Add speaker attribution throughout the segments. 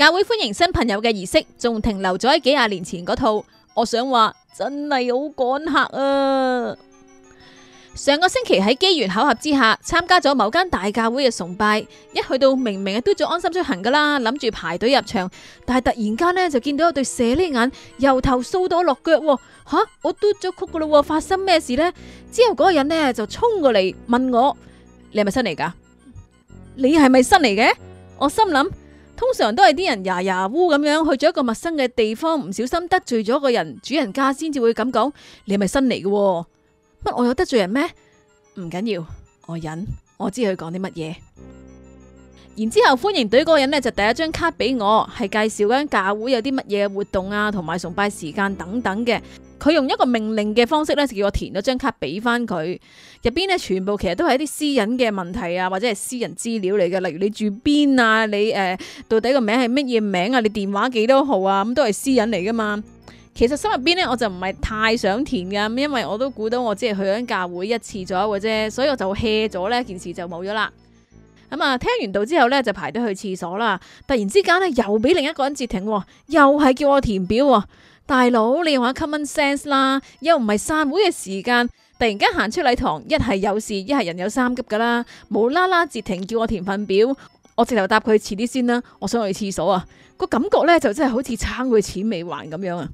Speaker 1: 教會歡迎新朋友嘅儀式仲停留咗喺幾廿年前嗰套，我想話真係好趕客啊！上個星期喺機緣巧合之下參加咗某間大教會嘅崇拜，一去到明明係嘟咗安心出行噶啦，諗住排隊入場，但係突然間呢，就見到一對射喱眼由頭掃到落腳，吓、啊、我嘟咗曲噶啦！發生咩事呢？之後嗰個人呢，就衝過嚟問我：你係咪新嚟噶？你係咪新嚟嘅？我心諗。通常都係啲人牙牙烏咁樣，去咗一個陌生嘅地方，唔小心得罪咗個人，主人家先至會咁講，你係咪新嚟嘅？乜我有得罪人咩？唔緊要，我忍，我知佢講啲乜嘢。然之後歡迎隊嗰個人呢，就第一張卡俾我，係介紹緊教會有啲乜嘢活動啊，同埋崇拜時間等等嘅。佢用一個命令嘅方式咧，就叫我填咗張卡俾翻佢。入邊咧，全部其實都係一啲私隱嘅問題啊，或者係私人資料嚟嘅，例如你住邊啊，你誒、呃、到底個名係乜嘢名啊，你電話幾多號啊，咁都係私隱嚟噶嘛。其實心入邊咧，我就唔係太想填噶，因為我都估到我只係去緊教會一次左右嘅啫，所以我就 hea 咗呢件事就冇咗啦。咁啊，聽完道之後咧，就排隊去廁所啦。突然之間咧，又俾另一個人截停，又係叫我填表喎。大佬，你話 common sense 啦，又唔係散會嘅時間，突然間行出禮堂，一係有事，一係人有三急噶啦，冇啦啦截停叫我填份表，我直頭答佢，遲啲先啦，我想去廁所啊。個感覺咧，就真係好似差佢錢未還咁樣啊！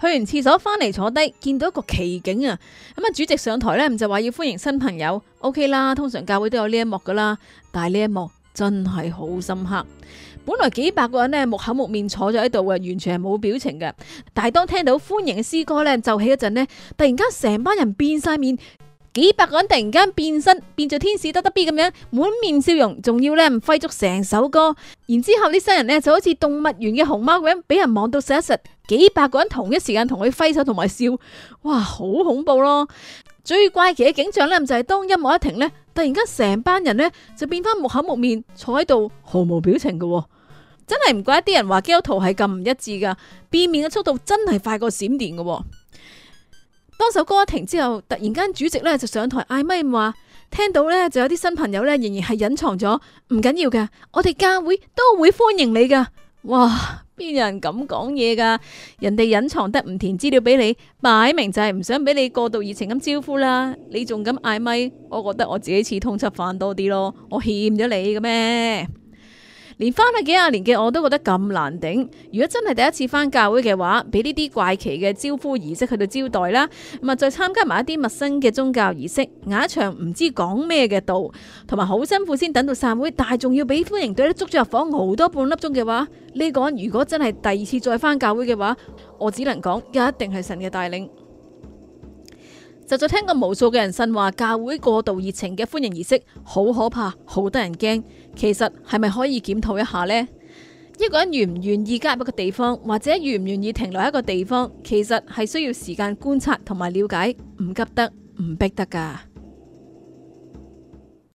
Speaker 1: 去完廁所翻嚟坐低，見到一個奇景啊！咁啊，主席上台呢，唔就話要歡迎新朋友。OK 啦，通常教會都有呢一幕噶啦，但係呢一幕真係好深刻。本來幾百個人呢，木口木面坐咗喺度啊，完全係冇表情㗎。但係當聽到歡迎嘅詩歌呢，就起一陣呢，突然間成班人變晒面，幾百個人突然間變身變做天使得得必咁樣，滿面笑容，仲要呢，揮足成首歌。然之後啲新人呢，就好似動物園嘅熊貓咁樣，俾人望到實一實。幾百個人同一時間同佢揮手同埋笑，哇，好恐怖咯！最怪奇嘅景象呢，就係當音樂一停呢，突然間成班人呢，就變翻木口木面，坐喺度毫無表情嘅，真係唔怪一啲人話基督徒係咁唔一致噶，變面嘅速度真係快過閃電嘅。當首歌一停之後，突然間主席呢，就上台嗌咪話：聽到呢，就有啲新朋友呢，仍然係隱藏咗，唔緊要嘅，我哋教會都會歡迎你嘅。哇！邊有人咁講嘢㗎？人哋隱藏得唔填資料俾你，擺明就係唔想俾你過度熱情咁招呼啦。你仲敢嗌咪？我覺得我自己似通緝犯多啲咯。我欠咗你嘅咩？連翻咗幾廿年嘅我都覺得咁難頂。如果真係第一次翻教會嘅話，俾呢啲怪奇嘅招呼儀式去到招待啦，咁啊再參加埋一啲陌生嘅宗教儀式，挨一場唔知講咩嘅道，同埋好辛苦先等到散會，但係仲要俾歡迎隊咧捉咗入房好多半粒鐘嘅話，呢個如果真係第二次再翻教會嘅話，我只能講一定係神嘅帶領。就在聽過無數嘅人呻話，教會過度熱情嘅歡迎儀式好可怕，好得人驚。其實係咪可以檢討一下呢？一個人願唔願意加入一個地方，或者願唔願意停留一個地方，其實係需要時間觀察同埋了解，唔急得，唔逼得噶。